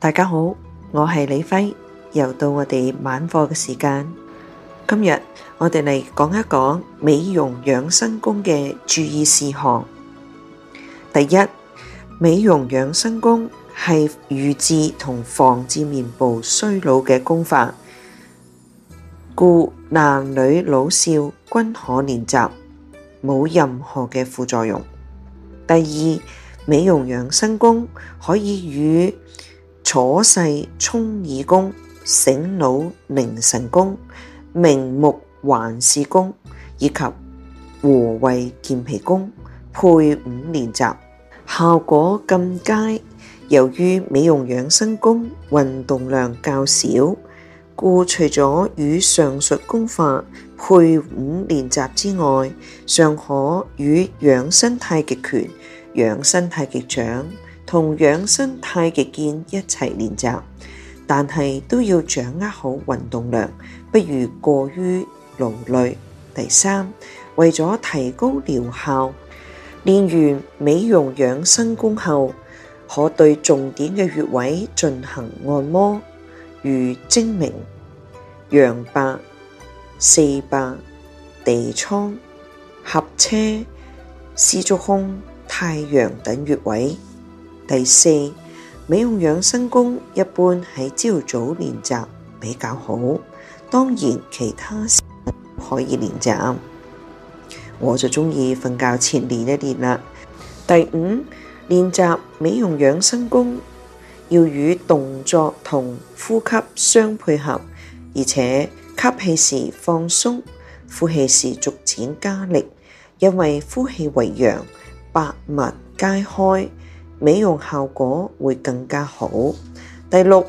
大家好，我係李輝，又到我哋晚課嘅時間。今日我哋嚟講一講美容養生功嘅注意事項。第一，美容養生功係預治同防治面部衰老嘅功法，故男女老少均可練習，冇任何嘅副作用。第二，美容養生功可以與坐勢沖耳功、醒腦凝神功、明目環視功以及和胃健脾功配伍練習效果更佳。由於美容養生功運動量較少，故除咗與上述功法配伍練習之外，尚可與養生太極拳、養生太極掌，同養生太極劍一齊練習，但係都要掌握好運動量，不如過於勞累。第三，為咗提高療效，練完美容養生功後，可對重點嘅穴位進行按摩，如睛明、陽白、四白、地倉、合車、絲竹空、太陽等穴位。第四，美容養生功一般喺朝早練習比較好，當然其他時都可以練習。我就中意瞓覺前練一練啦。第五，練習美容養生功要與動作同呼吸相配合，而且吸氣時放鬆，呼氣時逐漸加力，因為呼氣為陽，百脈皆開。美容效果會更加好。第六，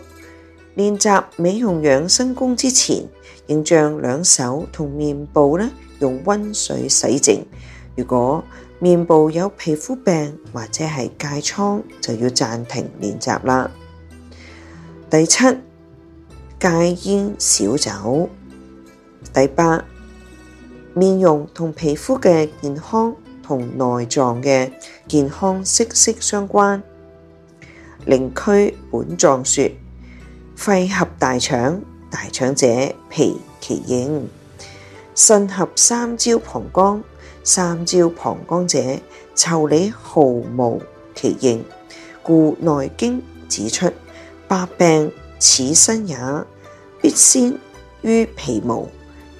練習美容養生功之前，應將兩手同面部呢用温水洗淨。如果面部有皮膚病或者係疥瘡，就要暫停練習啦。第七，戒煙少酒。第八，面容同皮膚嘅健康。同內臟嘅健康息息相關。靈樞本臟說，肺合大腸，大腸者皮其應；腎合三焦膀胱，三焦膀胱者，腠理毫毛其應。故內經指出，百病始生也，必先於皮毛。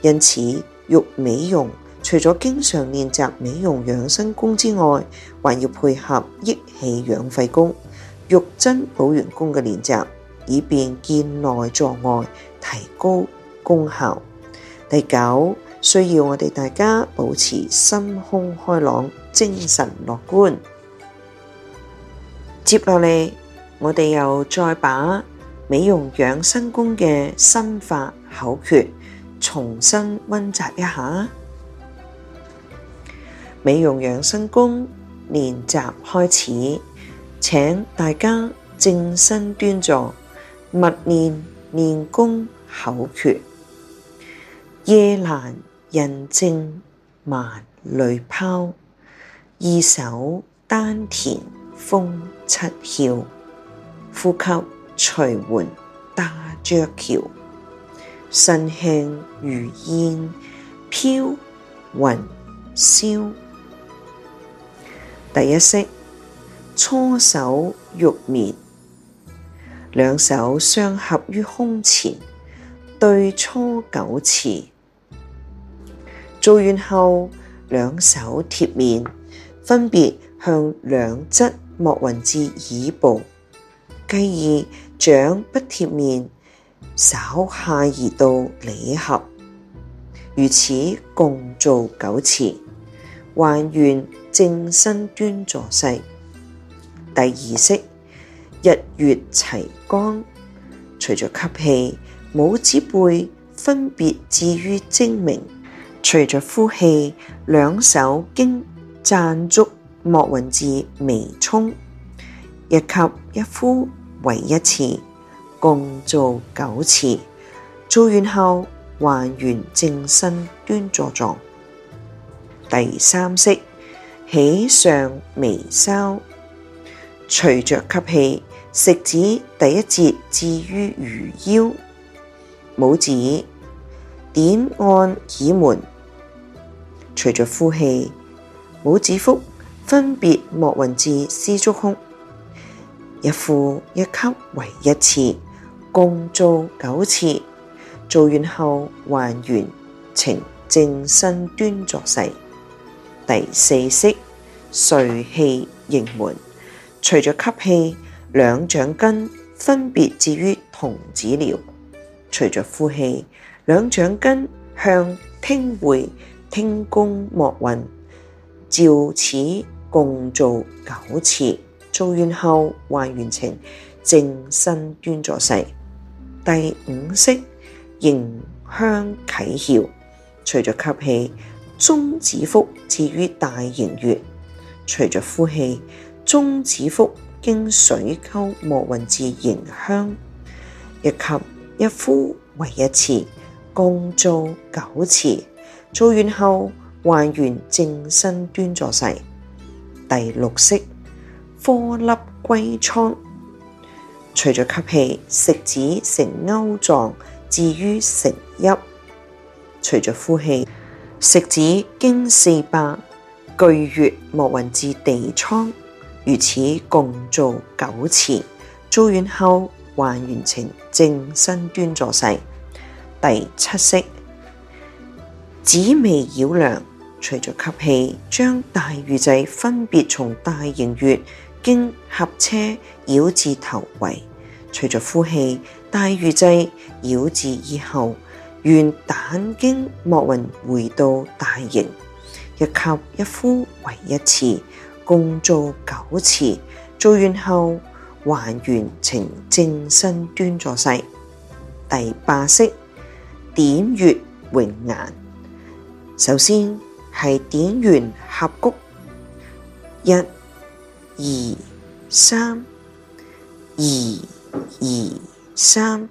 因此，欲美容。除咗經常練習美容養生功之外，還要配合益氣養肺功、玉針補元功嘅練習，以便健內助外，提高功效。第九，需要我哋大家保持心胸開朗、精神樂觀。接落嚟，我哋又再把美容養生功嘅心法口訣重新溫習一下。美容養生功練習開始，請大家正心端坐，默念念功口訣。夜闌人靜，萬雷拋，二手丹田風七竅，呼吸徐緩搭着橋，身氣如煙飄雲霄。第一式，搓手揉面，兩手相合於胸前，對搓九次。做完後，兩手貼面，分別向兩側抹勻至耳部。繼而掌不貼面，手下移到裏合，如此共做九次，還原。正身端坐勢，第二式日月齊光，隨着吸氣，拇指背分別置於睛明；隨着呼氣，兩手經讚足莫運至眉衝。一吸一呼為一次，共做九次。做完後還原正身端坐狀。第三式。喜上眉梢，隨着吸氣，食指第一節置於魚腰，拇指點按耳門。隨着呼氣，拇指腹分別莫運至絲竹空，一呼一吸為一次，共做九次。做完後還原，呈正身端坐勢。第四式睡氣迎門，隨着吸氣，兩掌根分別置於童子療；隨着呼氣，兩掌根向聽會、聽宮、莫運，照此共做九次。做完後，還原情，正身端坐勢。第五式迎香啟竅，隨着吸氣，中指腹。至於大型穴，隨着呼氣，中指腹經水溝磨運至迎香，亦及一吸一呼為一次，共做九次。做完後還原正身端坐勢。第六式，顆粒歸倉。隨着吸氣，食指成鈎狀，至於承泣，隨着呼氣。食指經四白，巨髎莫運至地倉，如此共做九次，做完後還原成正身端坐勢。第七式，紫微繞梁，隨着吸氣，將大魚際分別從大迎穴經頰車繞至頭圍，隨着呼氣，大魚際繞至耳後。原膽經莫云回到大營，一吸一呼為一次，共做九次。做完後還原成正身端坐勢。第八式點穴榮顏，首先係點穴合谷，一、二、三、二、二、三，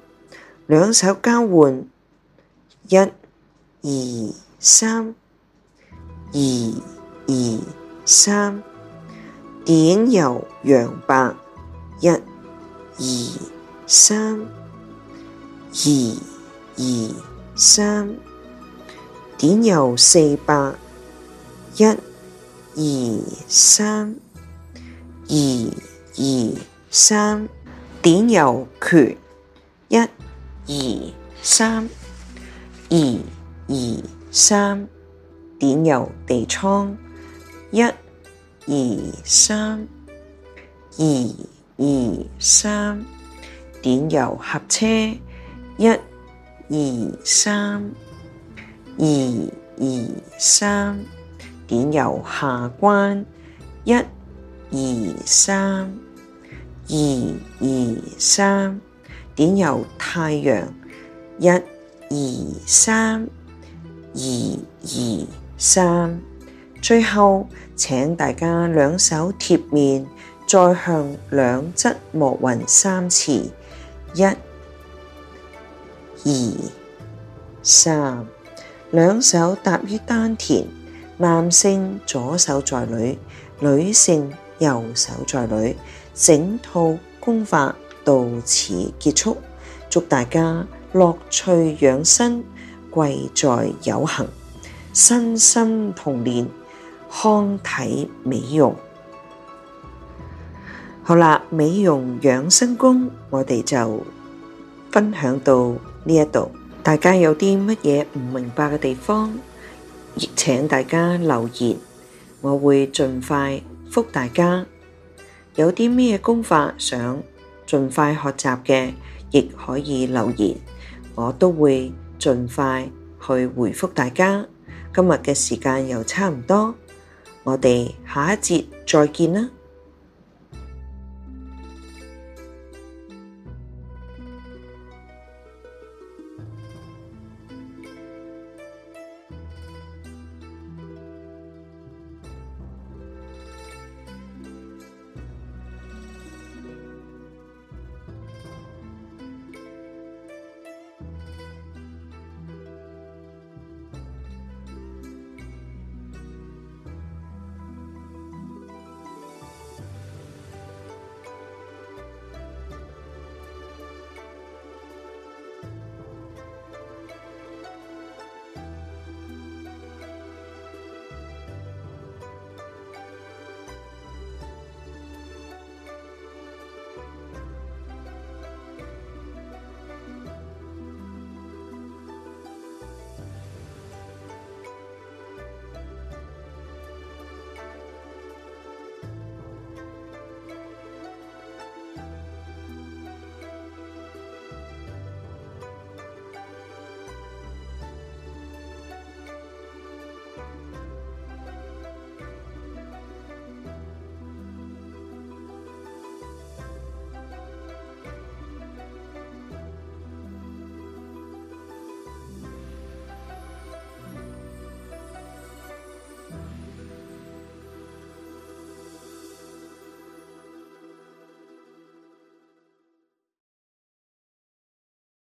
兩手交換。一、二、三，二、二、三，點由陽白；一、二、三，二、二、三，點由四百；一、二、三，二、二、三，點由缺；一、二、三。二二三點揉地倉，一二三二二三點揉頰車，一二三二二三點揉下關，一二三二二三點揉太陽，一。二三二二三，最後請大家兩手貼面，再向兩側磨勻三次。一、二、三，兩手搭於丹田。男性左手在裏，女性右手在裏。整套功法到此結束，祝大家！樂趣養生貴在有恒，身心同練，康體美容。好啦，美容養生功我哋就分享到呢一度。大家有啲乜嘢唔明白嘅地方，亦請大家留言，我會盡快復大家。有啲咩功法想盡快學習嘅，亦可以留言。我都會盡快去回覆大家。今日嘅時間又差唔多，我哋下一節再見啦。